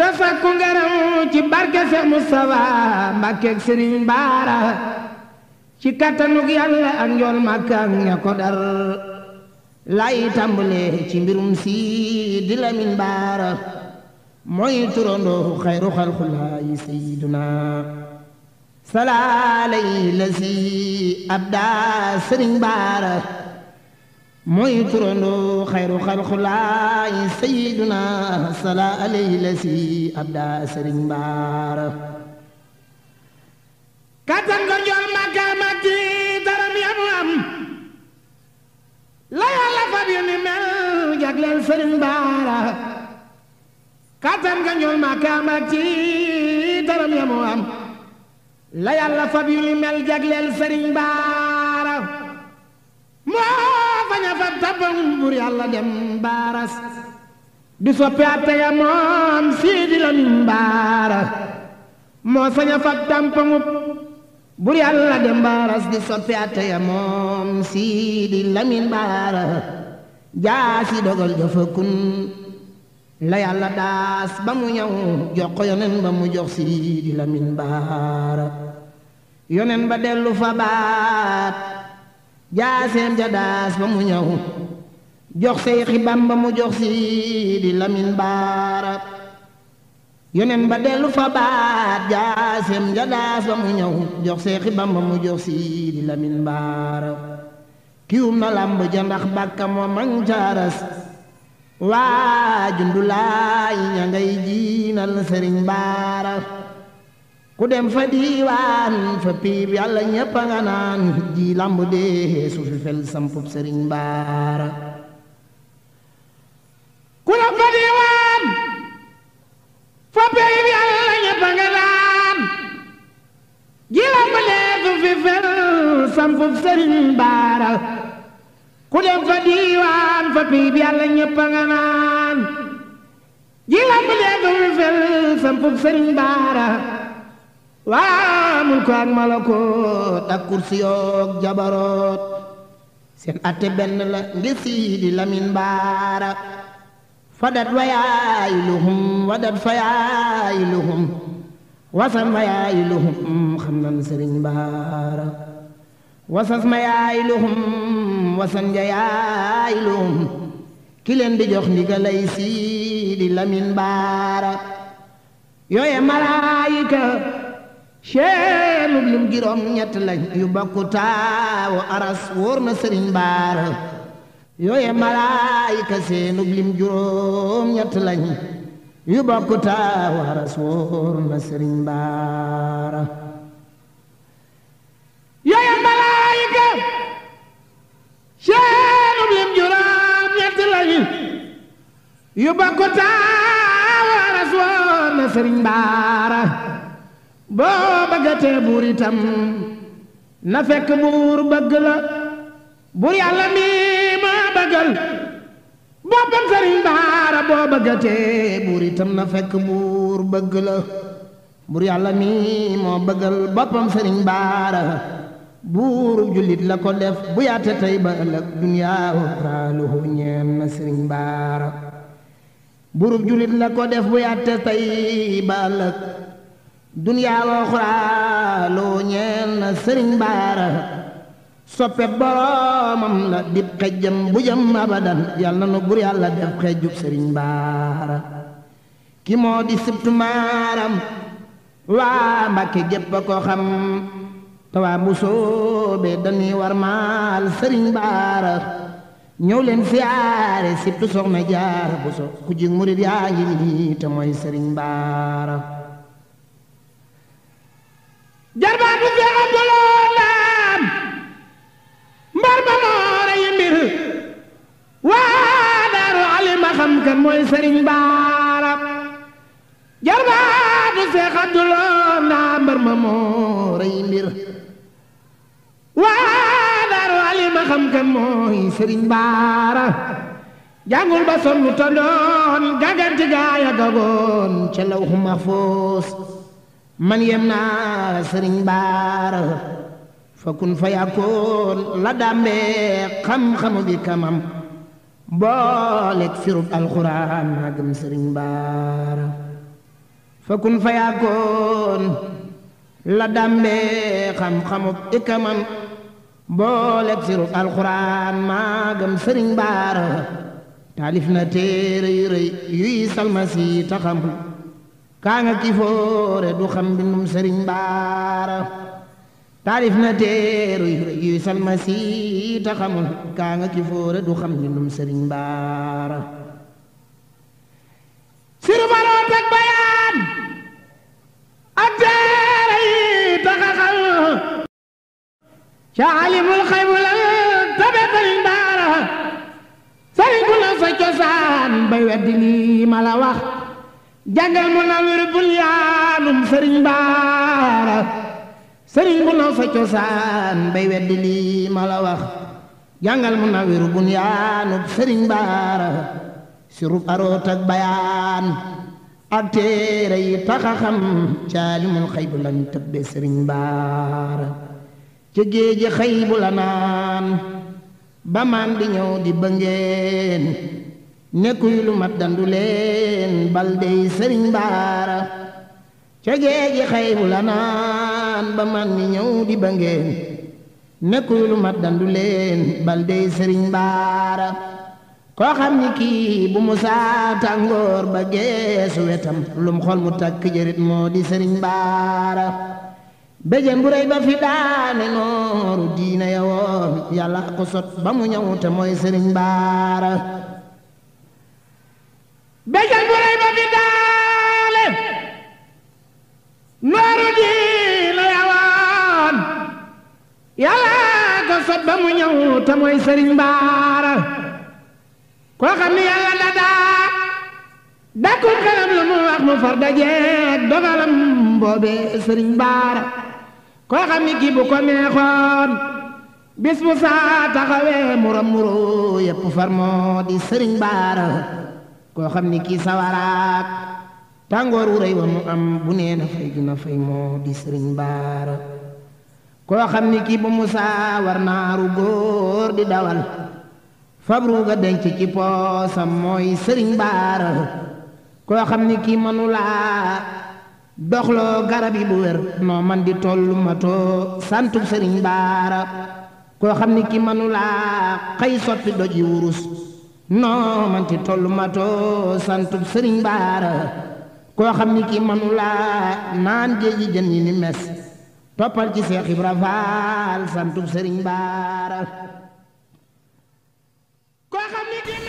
te sakku ngërëm ci barke Seex Mustafa Mbàkke ak Baara ci kattanug Yàlla ak njool Màkka ak ña ko dar ci mbirum si di Lamin Baara mooy turandoo xayru xalqulaayi sayyiduna salaale yi la si abda sëriñ baara mooy turandoo xayru xalxulaay sayiduna sala alayhi la si abda sëriñ mbaara kàttan ko jox màkkaamati bañ a fab tabam bur yàlla dem baaras di soppi atte ya moom Siidi Lamin Baara moo sañ a fab tampamub bur dem baaras di soppi atte ya moom Siidi Lamin Baara jaasi dogal dafa kun la yàlla daas ba mu ñëw jox yonen ba mu jox Siidi Lamin Baara yonen ba dellu fa baat jaaseem ja daas ba mu ñëw jox say xibam ba mu jox si lamin baara yonen ba dellu fa baat jaaseem ja daas ba mu ñëw jox say xibam mu jox si lamin baara kiwum na làmb ja ndax bàkka moom man caaras waa jiinal sëriñ baara ku dem fa diiwaan fa piib yàlla ñépp a nga naan ji làmb su fi fel sampub sëriñ baara ku dem fa diiwaan fa piib yàlla ñépp a nga naan ji làmb su fi fel sampub sëriñ baara waa mulku ak malakoot ak kursiyoog jabaroot seen atte benn la ngi siidi lamin baara fadat wayaayiluhum wadat fayaayiluhum wasan wayaayiluhum xam nan sëriñ baara wasas mayaayiluhum wasan njayaayiluhum ki leen di jox ndigalay siidi lamin baara yooye malaayika seenub lim juróom ñett lañ yu bokku taawu aras wóor na sëriñ baara yooye malaayika malaayika seenub lim juróom ñett lañ yu bokku taawu aras wóor na sëriñ baara boo bëggatee buur itam na fekk buur bëgg la buur yàlla mi maa bëggal boppam sëriñ baara boo bëggatee buur itam na fekk buur bëgg la buur yàlla mi moo bëggal boppam sëriñ baara buuru jullit la ko def bu yaate tey ba ëllëg duniyaa raaluhu ñeen na sëriñ baara buuru jullit la ko def bu yaate tey ba ëllëg dunyaa loo ñeel na sëriñ baara soppe boroomam la dib xejjam bu jëm abadan yal na nu bur def xejjub sëriñ baara ki di sibtu maaram waa mbàkke gépp ko xam te waa bu soobee dañuy war maal sëriñ baara ñëw leen sibtu soxna jaar bu so ku murit yaa ngi sëriñ baara baatu Seex Abdulaa waa daaru alima xam kan mooy sëriñ baara jar ba moore tondoon gaganti gaaya gagoon ca lawhu mahfuus man yem naa sëriñ baara fa kun fa yàkkoon la dambe xam-xamu bi kamam booleeg sirub alxuraan maa gëm sëriñ baara fa kun fa yàkkoon la dambe xam-xamu bi kamam booleeg sirub alxuraan maa gëm sëriñ baara taalif na téere yu rëy yuy salmasi taxamul kaa nga kifoore du xam bindum sëriñ baara taalif na teeru yuy salmasi ta xamul kifoore du xam bindum sëriñ baara siru baroon bayaan ak teere taxaxal ca alimul xaybulal tabe baara sëriñ ku na cosaan bay weddi lii ma la jàngal mu nawir bul yaanum sëriñ baara sëriñ bu naw sa cosaan bay weddi lii ma la wax jàngal mu nawir bul yaanum sëriñ baara sirub aroot ak bayaan ak téere yi taxa xam caalimul xëy bu lan tëbbe sëriñ baara ca géeji xëy la naan ba di ñëw di bëngeen nekkuy lu mat dandu leen bal sëriñ baara ca géeji xaybu la naan ba man ni ñëw di ba ngeen nekkuy lu mat dandu leen bal sëriñ baara koo xam ni kii bu mu saa tàngoor ba geesu wetam lum xol mu takk moo di sëriñ baara béjén bu rëy ba fi daane nooru diina ya woon yàlla ko sot ba mu ñëw mooy sëriñ baara béjjal bu rëy ba fi daale nooru diina yawaan yàlla ko sot ba mu ñëw te mooy sëriñ baara koo xam ni yàlla da daa dàkkul xelam lu mu wax mu far dajeeg dogalam boobe sëriñ baara koo xam ni kii bu ko meexoon bis bu saa taxawee muram muru yëpp far moo di sëriñ baara koo xam ni kii sawaraak tàngoor wu wa mu am bu nee na fay dina fay moo di sëriñ baara koo xam ni kii ba mu saawar naaru góor di dawal fabru denc ci poosam mooy sëriñ baara koo xam ni kii manulaa doxloo garab yi bu wér noo man di tollu matoo santub sëriñ baara koo xam ni kii manulaa xëy sotti doj yi wurus noo man ci tollu mato santub sëriñ baara koo xam ni kii manu naan géeji jën yi ni mes toppal ci Seex Ibra santub sëriñ baara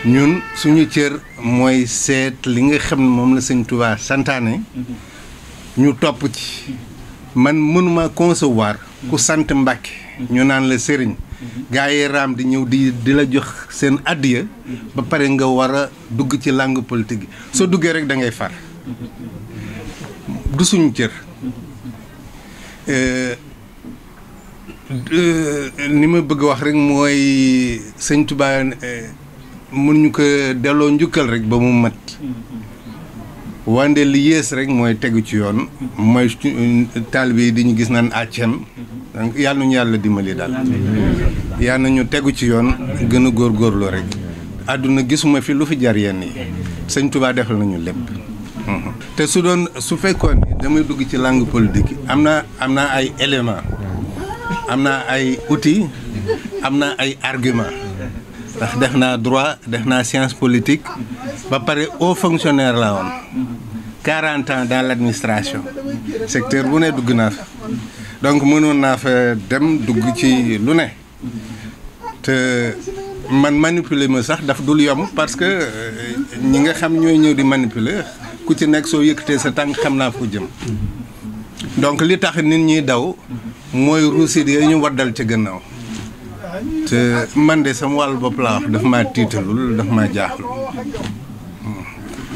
ñun suñu cër mooy seet li nga xam ne moom la sëñ Tuubaa santaane ñu topp ci man mënuma concevoir ku sant Mbàkke ñu naan la sëriñ gaa yi raam di ñëw di di la jox seen addiya ba pare nga war a dugg ci langue politique soo duggee rek dangay far du suñu cër ni euh, euh, ma bëgg wax rek mooy sëñ Tuubaa euh, mën ko delloo njukkal rek ba mu mat wande li yées rek mooy tegu ci yoon mooy taalibe yi di ñu gis naan àccen donc yàlla nañu yàlla dimbali daal yàlla nañu tegu ci yoon gën a góorgóorlu rek àdduna gisuma fi lu fi jar yenn yi sëñ Touba defal nañu lépp te su doon su fekkoon ni damay dugg ci langue politique am na am na ay éléments am na ay outils am na ay arguments ndax def naa droit def naa science politique ba pare haut fonctionnaire la woon quarante ans dans l' administration secteur bu ne dugg naa fa donc mënoon naa fa dem dugg ci lu ne te man manipuler ma sax daf dul yomb parce que euh, ñi nga xam ñooy ñëw di manipuler ku ci nekk soo yëkkatee sa tànk xam naa fu jëm donc li tax nit ñuy daw mooy ruusit yi ñu waddal ci gannaaw te man de sama wàll bopp laa wax daf ma tiitalul dafa maa jaaxul hmm.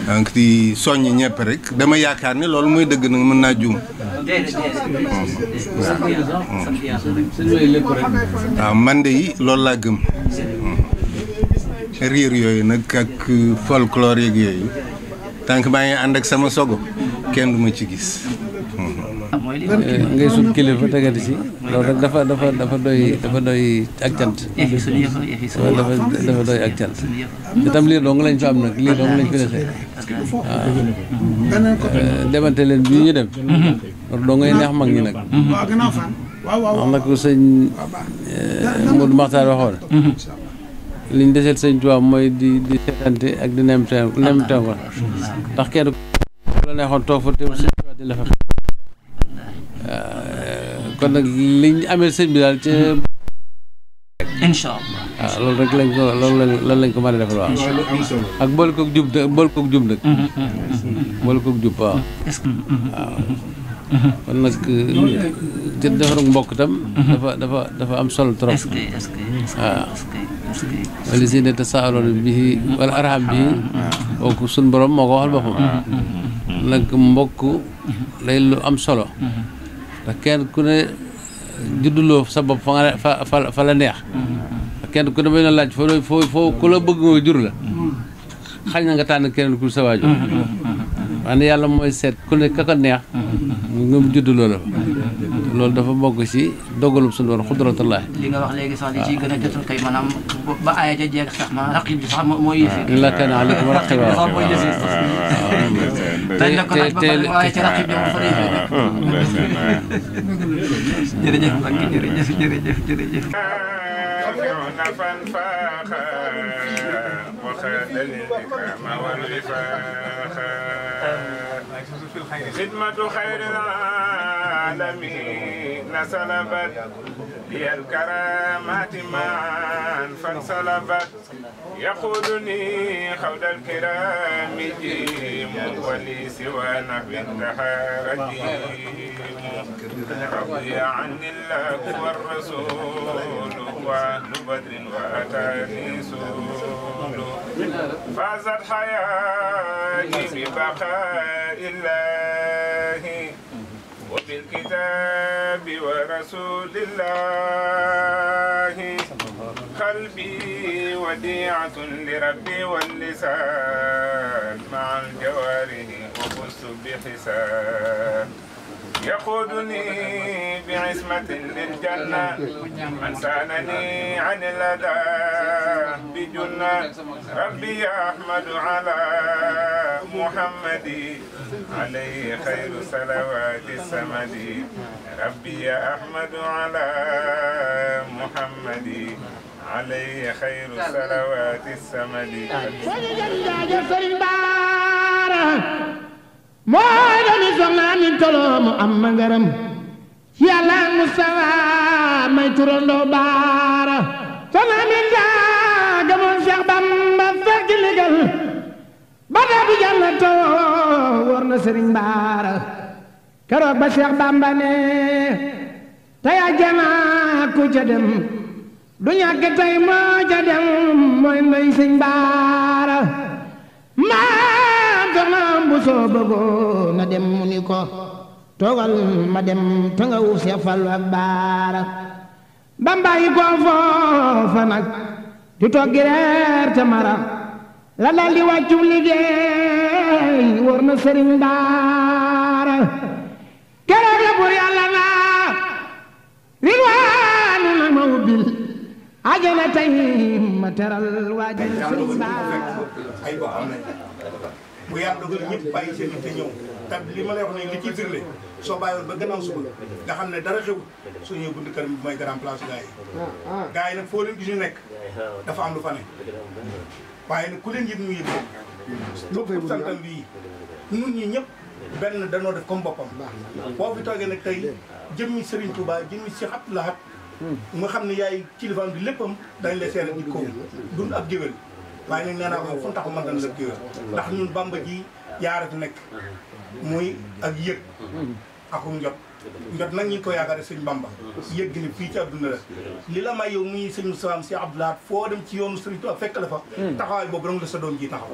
donc di soññ ñëpp rek dama yaakaar ne loolu mooy dëgg nag mën naa juum waaw ah, man de yi loolu laa gëm. Hmm. riir yooyu nag ak folklore yeeg yooyu tànk baa ngi ànd ak sama sogo kenn du ma ci gis. ngay sut kilifa tegati ci loolu rek dafa dafa dafa doy dafa doy ak cant dafa dafa doy ak cant te tam lii dong lañ fa am nag lii dong lañ fi desee waaw demante leen bi ñu dem loolu doo ngay neex mag ñi nag wax na ko sëñ eh, Modou Maxtaar waxoon li deseel sëñ Tuubaa mooy di di seetante ak di nem tem nem tem ndax kenn ku la neexoon toog fa teewul sëñ Tuubaa di la fa Euh, kon nag liñ amee sëñ bi daal waaw ah, loolu rek lañ ko loolu lañ ko mën a defal waaw. ak boole koog jub nag mm-hmm, mm-hmm. boole koog jub waaw. waaw. Mm-hmm, ah. kon nag euh, ca defarug mbokk itam. dafa dafa am solo trop. est-ce que est-ce que est-ce waaw. wala si ne tasaaloon bii wala borom moo ko waxal boppam. nag mbokk day lu am solo. ndax kenn ku ne judduloo sa bopp fa fa fa la neex kenn ku ne may noonu laaj foo foo foo ku la bëgg nga jur la xañ na nga tànn keneen ku sa waajur wax ne yàlla mooy seet ku ne ka ko neex mu judduloo la fa loolu dafa bokk ci dogalum suñu borom xudratullah li nga wax léegi sax li ciy gën a jotul kay maanaam ba aaya ja jeeg sax maanaam raqib bi sax mooy yëfi illa kaana alaykum raqiba sax mooy yëfi waaye ci raqib bi moom fa yëfi ah, ah, ah. jërëjëf Mbacke jërëjëf jërëjëf jërëjëf وخلل الإكرام والغفاخ خير خدمة خير العالمين سلبت هي الكرامات معا فانسلبت يقودني خود الكرام جيم ولي سوى نحو الدهر رضي عني الله والرسول وأهل بدر وأتاني سور فازت حياتي ببقاء الله وبالكتاب ورسول الله قلبي وديعة لربي واللسان مع الجوارح وبث بحسان يقودني بعصمة للجنة من سالني عن الأذى بجنة ربي يا أحمد على محمد عليه خير صلوات السمد ربي يا أحمد على محمد عليه خير صلوات السمد سيدنا بارا moo doni soxna mi tolo mu am ma ngaram yàlla mu sawa may turandoo baara bi jàllatoo wóor na sëriñ baara keroog ba Seex Bàmba ne tey ajjana ca dem du ñàkk tey moo ca dem mooy ndoy sëñ baara maa tamaam bu soo na dem mu ni ko toogal ma dem te nga wuuf Seex Fallu baara Bàmba yi koo foofa nag du toggi reer te mara la dal di wàccum liggéey na sëriñ baara keroog la bur yàlla naa na ma ubbil ajana ma teral waaj sëriñ baara bu yàlla dogal ñëpp bàyyi seen i ñëw kat li ma lay wax ne li soo bàyyiwoon ba gannaaw suba nga xam ne dara xew soo ñëw bunt kër grand place gars yi ah, ah. gars yi nag foo dafa am lu fa waaye nag ku leen yëg ñu yëg moom pour santam bii nun ñi ñëpp benn danoo def comme boppam boo fi toogee nag tey jëmmi Serigne Touba jëmmi Cheikh Abdou Lahad hmm. nga xam ne yaay kilifaam bi léppam dañ lay seeral nit kow dund ab géwél waaye nag nee naa ko fu mu taxaw man dañ la géwél ndax ñun Bamba ji yaar ak nekk hmm. muy ak yëg hmm. axum njot njot nag ñi ngi ko yaakaare sëñ Bamba yëgg ne fii ci adduna la li la may yow muy sëñ Moussa si Abdoulaat foo dem ci yoonu sëriñ Tuubaa fekk la fa hmm. taxawaay boobu dong la sa doom ji taxaw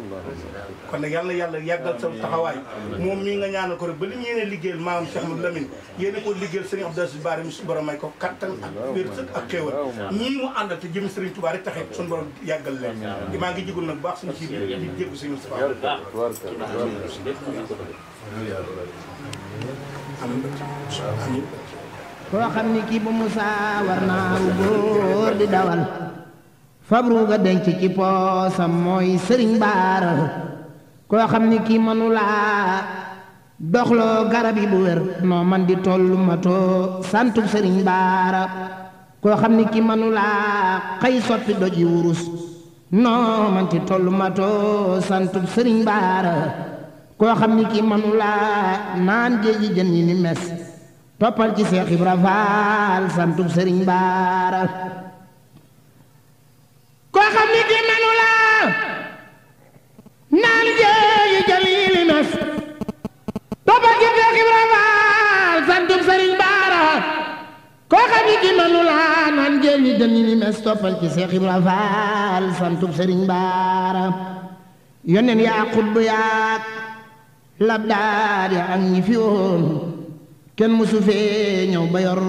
kon nag yàlla yàlla yàggal sa taxawaay moom mii nga ñaanal ko rek ba li ñu yéene liggéeyal maam Cheikh Amadou Lamine yéene ko liggéeyal sëriñ Abdou Aziz Bari mi suñu borom may ko kattan ak wér ak xéewal ñii mu àndal te jëmi sëriñ Tuubaa rek taxee suñu borom yàggal maa ngi jigul nag baax suñu ci di jéggu sëñ Moussa koo xam ni kii bu musaa war naa ru góor di dawal fabru denc ci poosam mooy sëriñ baara koo xam ni kii manulaa doxloo garab yi bu wér noo man di tollu matoo santu sëriñ baara koo xam ni kii manulaa xëy sotti doji wurus noo man di tollu matoo santu sëriñ baara koo xam ni kii manulaa naan géeji jën yi ni mes toppal ci Seex Ibra Faal santub Sëriñ Baara koo xam ni manulaa naan géeji jën yi ni mes toppal ci Seex Ibra Faal santub Sëriñ Baara koo xam ni kii yaa labdaar ya ak ñi fi woon kenn musu fee ñëw ba yor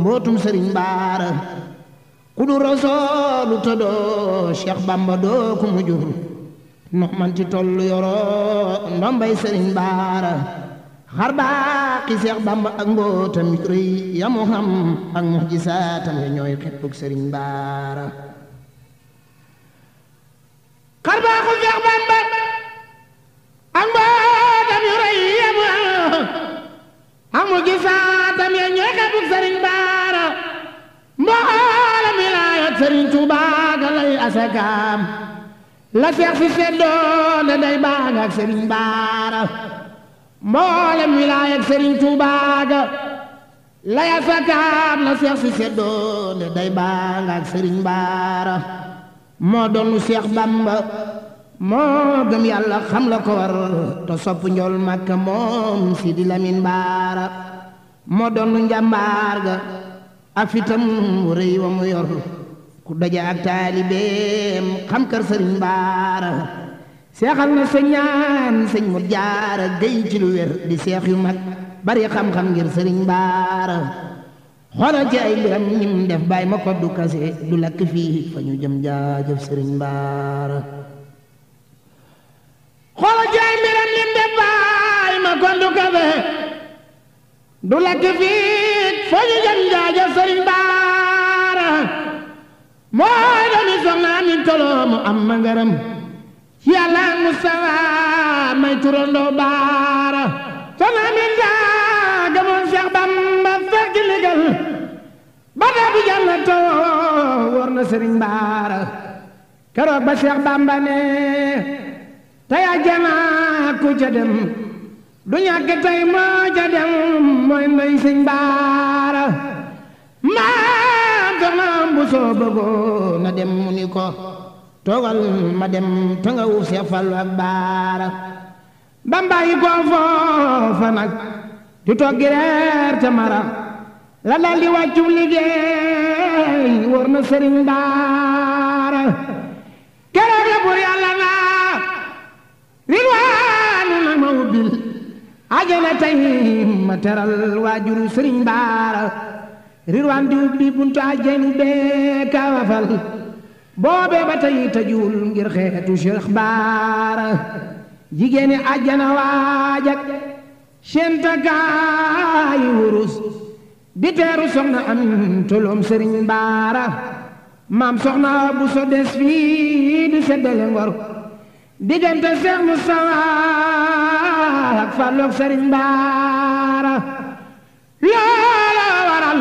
mbootum sëriñ baara ku du rasoolu te doo Cheikh Bamba doo ku mu jur no manti toll yoroo ndombay sëriñ baara xar baaqi Cheikh ak mbootam yu rëy yamu amu gisaatam ya ñee sëriñ baara mboolam wilaayat sëriñ Tuubaa lay asakaam la seex si seddoo na day baa nga ak sëriñ baara mboolam wilaayat sëriñ Tuubaa lay asakaam la seex si seddoo na day baa sëriñ baara moo doonu seex Bamba moo gëm yàlla xam la ko war te sopp njool màkka moom si di lamin baara moo doon njàmbaar ga afitam wu rëy wa mu yor ku daje ak taalibeem xam kër sëriñ baara seexal na sa ñaan sëñ mu jaara géy ci lu wér di seex yu mag bari xam-xam ngir sëriñ baara xoolal ci ay mbiram ñim def bàyyi ma ko kase du lakk fii fa ñu jëm jaajëf sëriñ baara xolo jaay mbiram de baay ma kondu kafe du lakk fiit fo ñu jëm jaaja sëriñ baara mooy doomi soxna mi tolo mu am ma ngaram yàlla mu sawa may turandoo baara soxna mi daa gamoon Seex Bamba fekk ligal ba dabi jàlla too war na sëriñ baara keroog ba Seex Bamba ne tey ajjana ku ca dem du ñàkk tey moo ca dem mooy ndey sëñ baara maa doonam bu soo na dem mu ni ko toogal ma dem te nga wuuf see falu ak baara bambayi ko foofa nag di toggi reer te la dal di wàccu liggéey wóor na sëriñ baara keroog la bur yàlla naa ridwaanu nag ma ubbil ajana tey ma teral waajuru sëriñ baara ridwaan di ubbi buntu ajani bee kawafal boobee ba tey tëjuwul ngir xeetu Cheikh baara jigéeni ajana waajak seentakaayi wurus di soxna am toloom sëriñ baara maam soxna bu so des fii di seddale ngor diggante Seex Mustafa ak Fallu Baara loola waral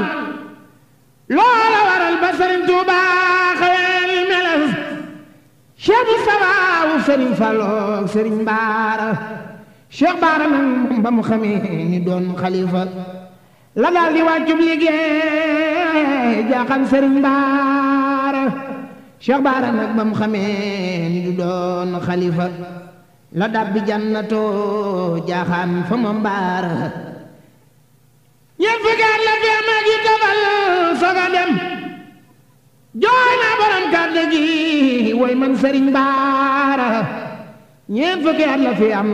loola waral ba Sëriñ Tuuba xawel wu Sëriñ Fallu Sëriñ Baara Seex Baara nag ba mu xamee ni xalifa la daal di wàccub liggéey jaaxal Baara Seex Baara nag ba mu xamee ni du doon xalifa la dàbbi jannatoo jaaxaan fa ma mbaara ñeent fukki at la fi am ak yu tafal soga dem jooy naa borom kàddu gi way man sëriñ mbaara ñeent fukki at la fi am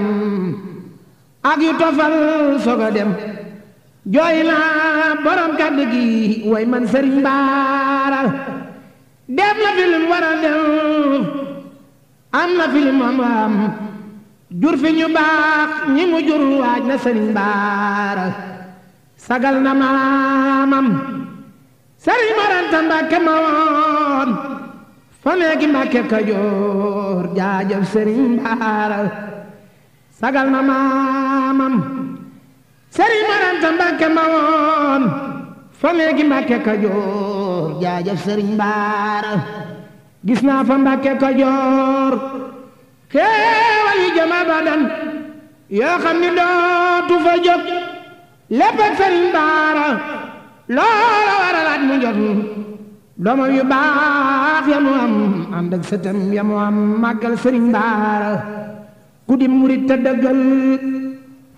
ak yu tofal soga dem jooy naa borom kàddu gi way man sëriñ mbaara dem la fi lu dem am na filim am jur fi ñu baax ñi mu jur waaj na sëriñ baara sagal na maamam sëriñ maranta mbàkke ma woon fa neegi mbàkke kajoor jaajëf sëriñ baara sagal na maamam sëriñ maranta mbàkke ma woon fa neegi mbàkke kajoor jaajëf sëriñ baara gis naa fa mbàkke kajoor xéewal yu jëm abadan yoo xam ni dootu fa jóg lépp sëriñ baara loola waralaat mu jot doomam yu baax ya mu am ànd ak sëtam am màggal sëriñ baara ku di murit te dëggal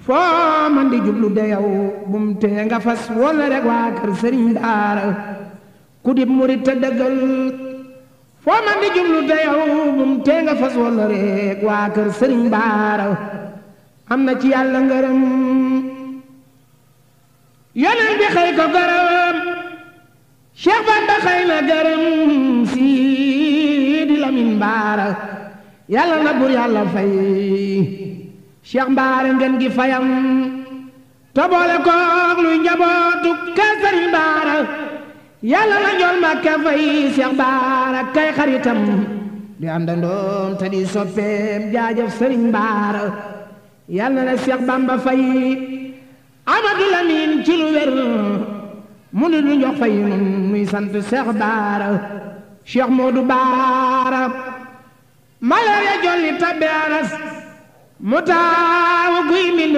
foo man di jublu de bum tee nga fas wala rek waa kër sëriñ baara ku di murit te dëggal foo man di jublu dayaw bum tee nga fas wala rek waa kër sëriñ baara am na ci yàlla ngërëm yonen bi xëy ko garam Cheikh Bamba xëy na garam Sidi Lamin baara yàlla na bur yàlla fay Cheikh mbaara ngeen gi fayam te boole luy njabootu kër sëriñ baara yàlla la njool Mbàkke fay Seex Baara kay xaritam di àndandoom te di soppeem jaajëf Sëriñ Baara yàlla la Seex Bamba fay Amadu Lamin ci lu mu ni du njox fay nun muy sant Seex Baara Seex Moodu Baara malar ya jolli tabbe anas mu taawu guy mbind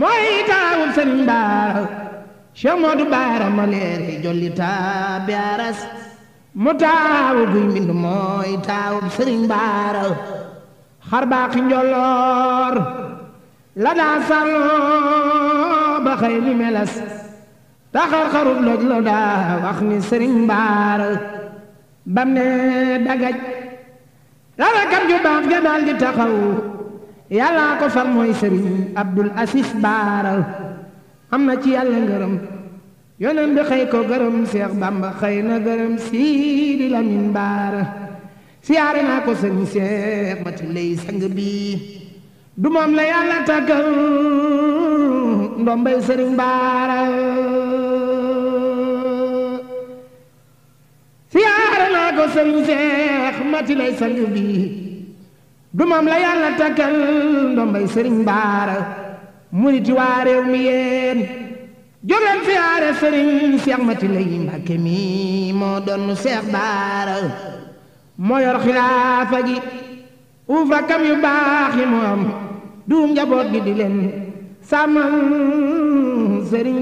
mooy taawub Sëriñ Baara Cheikh Modou Baara ma leeri jolli mu taawu guy mbind mooy taawub sëriñ baara xar baaxi njolloor la daa sarloo ba xëy taxar xarub loj lo daa wax ni sëriñ baara bam ne dagaj lalakat ju baax ja daal di taxaw ko fal mooy sëriñ Abdul Asis Baara am na ci yàlla ngërëm yoneen bi xëy ko gërëm seex bamba xëy na gërëm siidi lamin baara siyaare naa ko sëñ seex mati lay sang bii siyaare naa ko sëñ seex mati lay sang bii du la yàlla tàggal ndombay sëriñ baara muniti waa réew mi yéen jógeen fi aare sëriñ Seex Mati Lay Mbàkke mi moo doon Seex Baara moo yor xilaafa gi uufa kam yu baax yi moom duum njaboot gi di leen sàmmal sëriñ